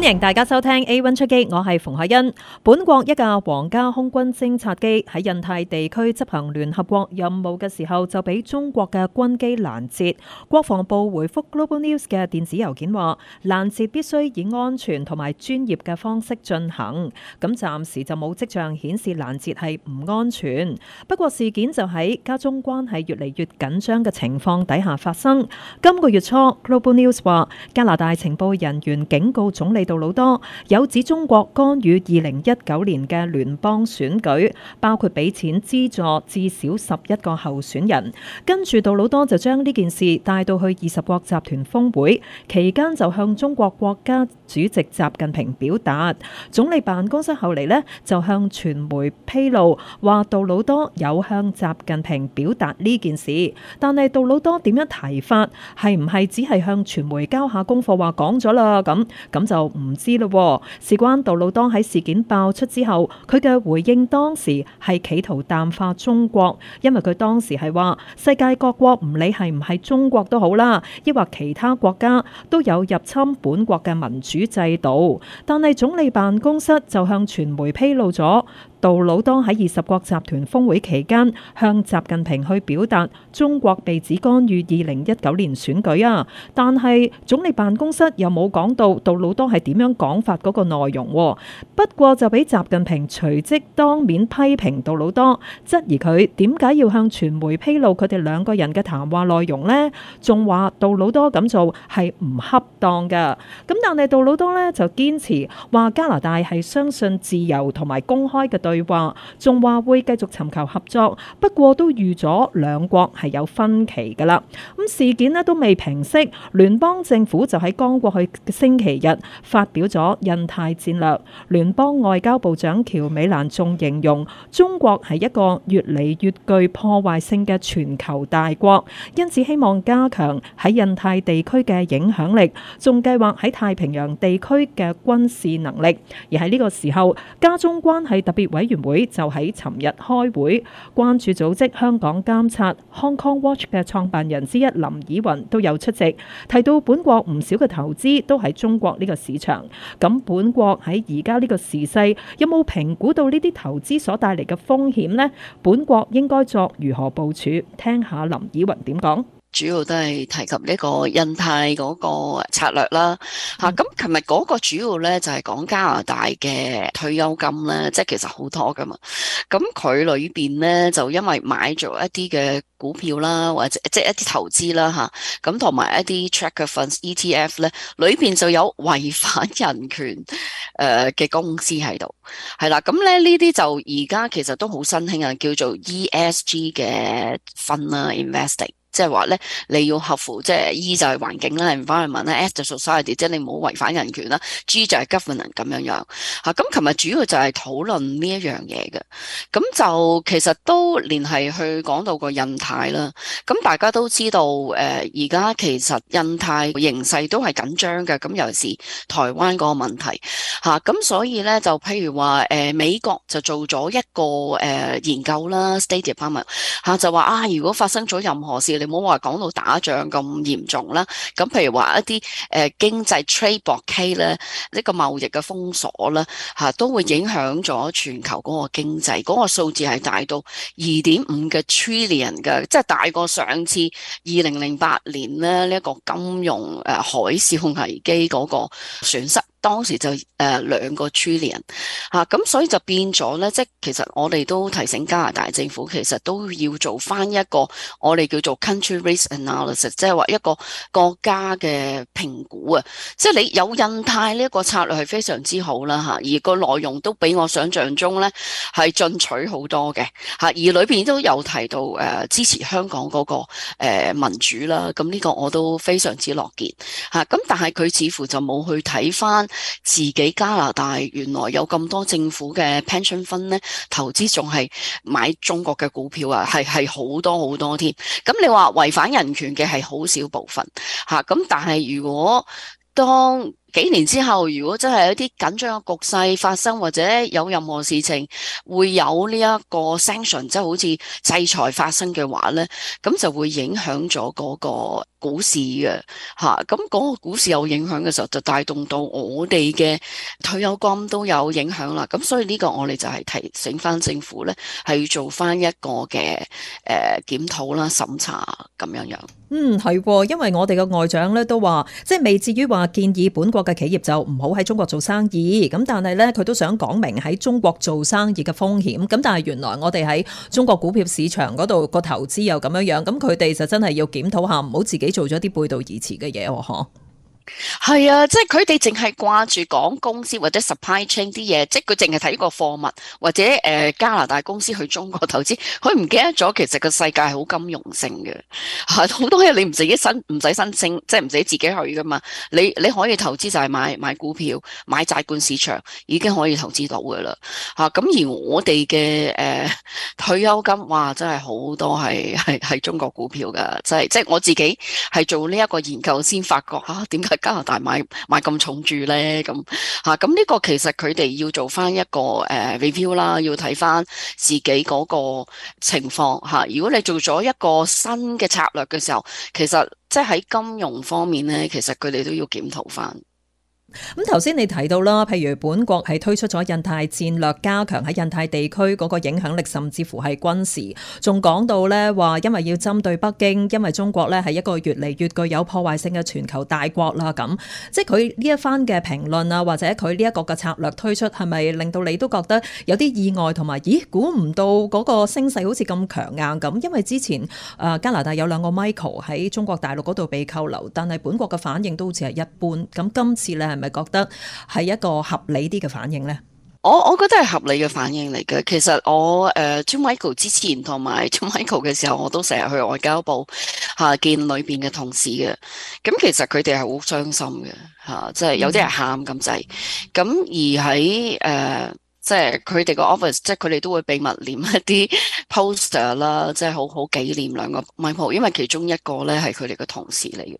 歡迎大家收聽 A One 出擊，我係馮海欣。本國一架皇家空軍偵察機喺印太地區執行聯合國任務嘅時候，就俾中國嘅軍機攔截。國防部回覆 Global News 嘅電子郵件話，攔截必須以安全同埋專業嘅方式進行。咁暫時就冇跡象顯示攔截係唔安全。不過事件就喺加中關係越嚟越緊張嘅情況底下發生。今個月初，Global News 話加拿大情報人員警告總理，杜魯多有指中國干預二零一九年嘅聯邦選舉，包括俾錢資助至少十一個候選人。跟住杜魯多就將呢件事帶到去二十國集團峰會期間，就向中國國家主席習近平表達。總理辦公室後嚟呢就向傳媒披露，話，杜魯多有向習近平表達呢件事，但係杜魯多點樣提法，係唔係只係向傳媒交下功課話講咗啦咁咁就？唔知咯，事關杜魯多喺事件爆出之後，佢嘅回應當時係企圖淡化中國，因為佢當時係話世界各國唔理係唔係中國都好啦，抑或其他國家都有入侵本國嘅民主制度，但係總理辦公室就向傳媒披露咗。杜魯多喺二十國集團峰會期間向習近平去表達中國被指干預二零一九年選舉啊，但係總理辦公室又冇講到杜魯多係點樣講法嗰個內容。不過就俾習近平隨即當面批評杜魯多，質疑佢點解要向傳媒披露佢哋兩個人嘅談話內容呢？仲話杜魯多咁做係唔恰當㗎。咁但係杜魯多呢就堅持話加拿大係相信自由同埋公開嘅。對話仲話會繼續尋求合作，不過都預咗兩國係有分歧噶啦。咁事件咧都未平息，聯邦政府就喺剛過去星期日發表咗印太戰略。聯邦外交部長喬美蘭仲形容中國係一個越嚟越具破壞性嘅全球大國，因此希望加強喺印太地區嘅影響力，仲計劃喺太平洋地區嘅軍事能力。而喺呢個時候，加中關係特別委員會就喺尋日開會，關注組織香港監察 （Hong Kong Watch） 嘅創辦人之一林以雲都有出席，提到本國唔少嘅投資都喺中國呢個市場，咁本國喺而家呢個時勢有冇評估到呢啲投資所帶嚟嘅風險呢？本國應該作如何部署？聽下林以雲點講。主要都係提及呢個印太嗰個策略啦，咁、嗯。琴日嗰個主要咧就係、是、講加拿大嘅退休金咧，即係其實好多噶嘛。咁佢裏面咧就因為買咗一啲嘅股票啦，或者即係一啲投資啦，咁同埋一啲 tracker funds ETF 咧，裏面就有違反人權誒嘅、呃、公司喺度，係啦。咁咧呢啲就而家其實都好新興啊，叫做 ESG 嘅 fund 啦、嗯、investing。即係話咧，你要合乎即係 E 就係環境啦，Environment 啦，S 就 Society，即係你唔好違反人權啦，G 就係 Government 咁樣樣嚇。咁琴日主要就係討論呢一樣嘢嘅，咁就其實都連係去講到個印太啦。咁大家都知道誒，而、呃、家其實印太形勢都係緊張嘅。咁尤其是台灣個問題嚇。咁、啊、所以咧，就譬如話誒、呃，美國就做咗一個誒、呃、研究啦，State Department 嚇、啊，就話啊，如果發生咗任何事，你唔好話講到打仗咁嚴重啦，咁譬如話一啲誒經濟 trade blockade 咧，呢個貿易嘅封鎖啦，吓都會影響咗全球嗰、嗰個經濟，嗰個數字係大到二點五嘅 trillion 嘅，即、就、係、係、大過上次二零零八年咧呢一個金融誒海嘯控危機嗰個損失。當時就誒兩個 Julian 嚇，咁所以就變咗呢，即係其實我哋都提醒加拿大政府，其實都要做翻一個我哋叫做 country risk analysis，即係話一個國家嘅評估啊。即係你有印太呢一個策略係非常之好啦，而個內容都比我想象中呢係進取好多嘅吓，而裏面都有提到誒支持香港嗰個民主啦，咁呢個我都非常之樂見嚇。咁但係佢似乎就冇去睇翻。自己加拿大原來有咁多政府嘅 pension fund 呢，投資仲係買中國嘅股票啊，係係好多好多添。咁你話違反人權嘅係好少部分吓，咁、啊、但係如果。當幾年之後，如果真係有啲緊張嘅局勢發生，或者有任何事情會有呢一個 sanction，即係好似制裁發生嘅話呢，咁就會影響咗嗰個股市嘅嚇。咁、啊、嗰個股市有影響嘅時候，就帶動到我哋嘅退休金都有影響啦。咁所以呢個我哋就係提醒翻政府呢，係要做翻一個嘅誒檢討啦、審查咁樣樣。嗯，係、哦，因為我哋嘅外長咧都話，即係未至於話建議本國嘅企業就唔好喺中國做生意，咁但係呢，佢都想講明喺中國做生意嘅風險，咁但係原來我哋喺中國股票市場嗰度個投資又咁樣樣，咁佢哋就真係要檢討下，唔好自己做咗啲背道而馳嘅嘢喎，吓。係啊，即係佢哋淨係掛住講公司，或者 supply chain 啲嘢，即係佢淨係睇個貨物或者誒、呃、加拿大公司去中國投資，佢唔記得咗其實個世界係好金融性嘅，吓，好多嘢你唔自己申唔使申請，即係唔使自己去噶嘛，你你可以投資就係買買股票、買債券市場已經可以投資到噶啦，吓、啊、咁而我哋嘅誒退休金，哇真係好多係係係中國股票噶，即係即係我自己係做呢一個研究先發覺，吓點解？加拿大買買咁重注呢？咁咁呢個其實佢哋要做翻一個 review 啦，要睇翻自己嗰個情況吓。如果你做咗一個新嘅策略嘅時候，其實即係喺金融方面呢，其實佢哋都要檢討翻。咁頭先你提到啦，譬如本國係推出咗印太戰略，加強喺印太地區嗰個影響力，甚至乎係軍事。仲講到咧，話因為要針對北京，因為中國咧係一個越嚟越具有破壞性嘅全球大國啦。咁即係佢呢一番嘅評論啊，或者佢呢一個嘅策略推出，係咪令到你都覺得有啲意外同埋？咦，估唔到嗰個聲勢好似咁強硬咁。因為之前誒加拿大有兩個 Michael 喺中國大陸嗰度被扣留，但係本國嘅反應都好似係一般。咁今次咧？係咪覺得係一個合理啲嘅反應呢？我我覺得係合理嘅反應嚟嘅。其實我誒 Joan Michael 之前同埋 Joan Michael 嘅時候，我都成日去外交部嚇、啊、見裏邊嘅同事嘅。咁、啊、其實佢哋係好傷心嘅嚇，即、啊、係、就是、有啲人喊咁滯。咁、嗯、而喺誒。呃即係佢哋個 office，即係佢哋都會秘密念一啲 poster 啦，即係好好紀念兩個 Michael，因為其中一個咧係佢哋嘅同事嚟嘅。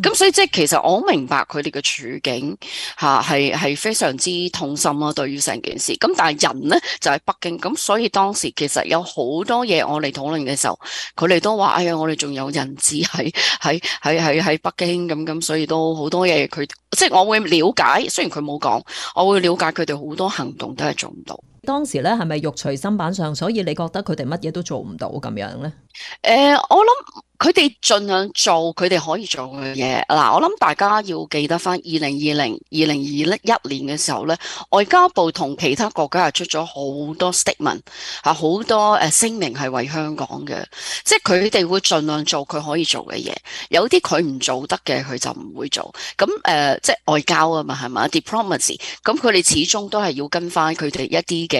咁、嗯、所以即係其實我好明白佢哋嘅處境嚇，係、係、非常之痛心啊！對於成件事咁，但係人呢就喺、是、北京，咁所以當時其實有好多嘢我哋討論嘅時候，佢哋都話：哎呀，我哋仲有人質喺喺喺喺喺北京咁咁，所以都好多嘢佢即係我會了解。雖然佢冇講，我會了解佢哋好多行動都中毒。當時咧係咪肉隨心版上，所以你覺得佢哋乜嘢都做唔到咁樣咧？誒、呃，我諗佢哋盡量做佢哋可以做嘅嘢。嗱，我諗大家要記得翻二零二零二零二一年嘅時候咧，外交部同其他國家係出咗好多 statement，吓好多誒聲明係為香港嘅，即係佢哋會盡量做佢可以做嘅嘢。有啲佢唔做得嘅，佢就唔會做。咁誒、呃，即係外交啊嘛，係咪？Diplomacy，咁佢哋始終都係要跟翻佢哋一啲嘅。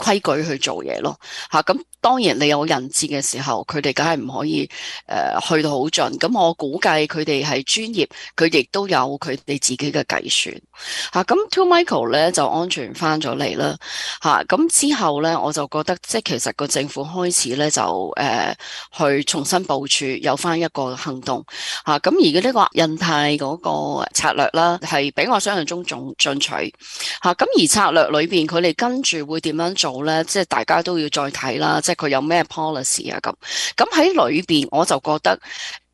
規矩去做嘢咯，咁、啊、當然你有人質嘅時候，佢哋梗係唔可以誒、呃、去到好盡。咁我估計佢哋係專業，佢亦都有佢哋自己嘅計算咁 To、啊、Michael 咧就安全翻咗嚟啦，咁、啊、之後咧我就覺得即係其實個政府開始咧就誒、呃、去重新部署，有翻一個行動咁、啊、而呢個印太嗰個策略啦，係比我想像中仲進取咁、啊、而策略裏面，佢哋跟住會點樣做？即係大家都要再睇啦，即係佢有咩 policy 啊咁。咁喺裏邊，我就覺得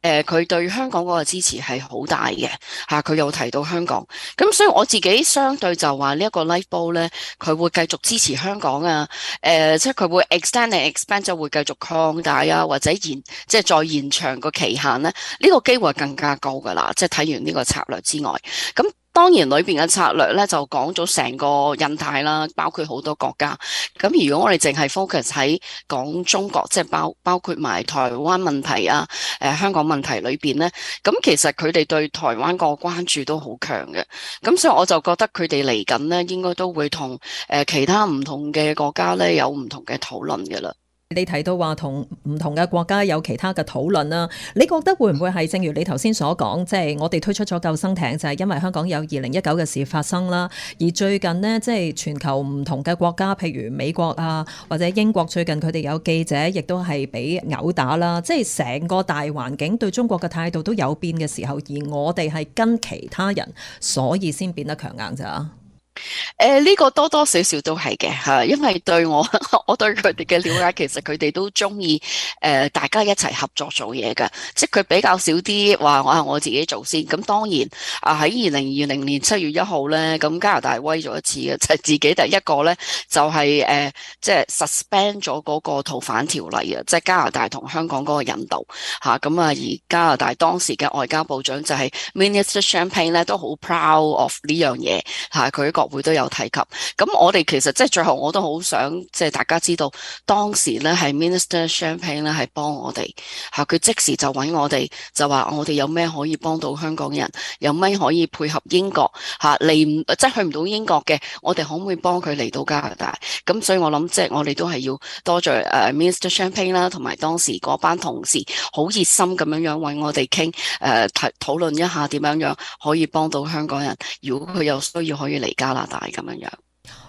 誒，佢、呃、對香港嗰個支持係好大嘅吓，佢、啊、有提到香港。咁所以我自己相對就話呢一個 lifeboat 咧，佢會繼續支持香港啊。誒、呃，即係佢會 extend、expand，就會繼續擴大啊，或者延，即係再延長個期限咧。呢、這個機會更加高噶啦，即係睇完呢個策略之外，咁。當然，裏面嘅策略咧就講咗成個印太啦，包括好多國家。咁如果我哋淨係 focus 喺講中國，即係包包括埋台灣問題啊、呃、香港問題裏面呢，咁其實佢哋對台灣個關注都好強嘅。咁所以我就覺得佢哋嚟緊呢應該都會同呃其他唔同嘅國家呢，有唔同嘅討論嘅啦。你提到話同唔同嘅國家有其他嘅討論啦，你覺得會唔會係正如你頭先所講，即係我哋推出咗救生艇，就係因為香港有二零一九嘅事發生啦。而最近呢，即係全球唔同嘅國家，譬如美國啊或者英國，最近佢哋有記者亦都係俾毆打啦，即係成個大環境對中國嘅態度都有變嘅時候，而我哋係跟其他人，所以先變得強硬咋。誒、呃，呢、這個多多少少都係嘅吓，因為對我我對佢哋嘅了解，其實佢哋都中意誒，大家一齊合作做嘢㗎，即係佢比較少啲話我係我自己先做先。咁當然啊，喺二零二零年七月一號咧，咁加拿大威咗一次嘅，即、就、係、是、自己第一個咧，就係、是、誒、呃，即係 suspend 咗嗰個逃犯條例啊，即、就、係、是、加拿大同香港嗰個引渡吓。咁啊，而加拿大當時嘅外交部長就係 Minister Champagne 咧，都好 proud of 呢樣嘢吓，佢個。會都有提及，咁我哋其實即係最後我都好想即係大家知道當時咧係 Minister Champagne 咧係幫我哋嚇，佢、啊、即時就揾我哋，就話我哋有咩可以幫到香港人，有咩可以配合英國嚟、啊、即係去唔到英國嘅，我哋可唔可以幫佢嚟到加拿大？咁所以我諗即係我哋都係要多謝、uh, Minister Champagne 啦，同埋當時嗰班同事好熱心咁樣樣揾我哋傾，誒，討討論一下點樣樣可以幫到香港人。如果佢有需要，可以嚟加。大咁樣樣，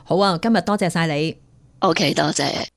好啊！今日多謝晒你，OK，多謝。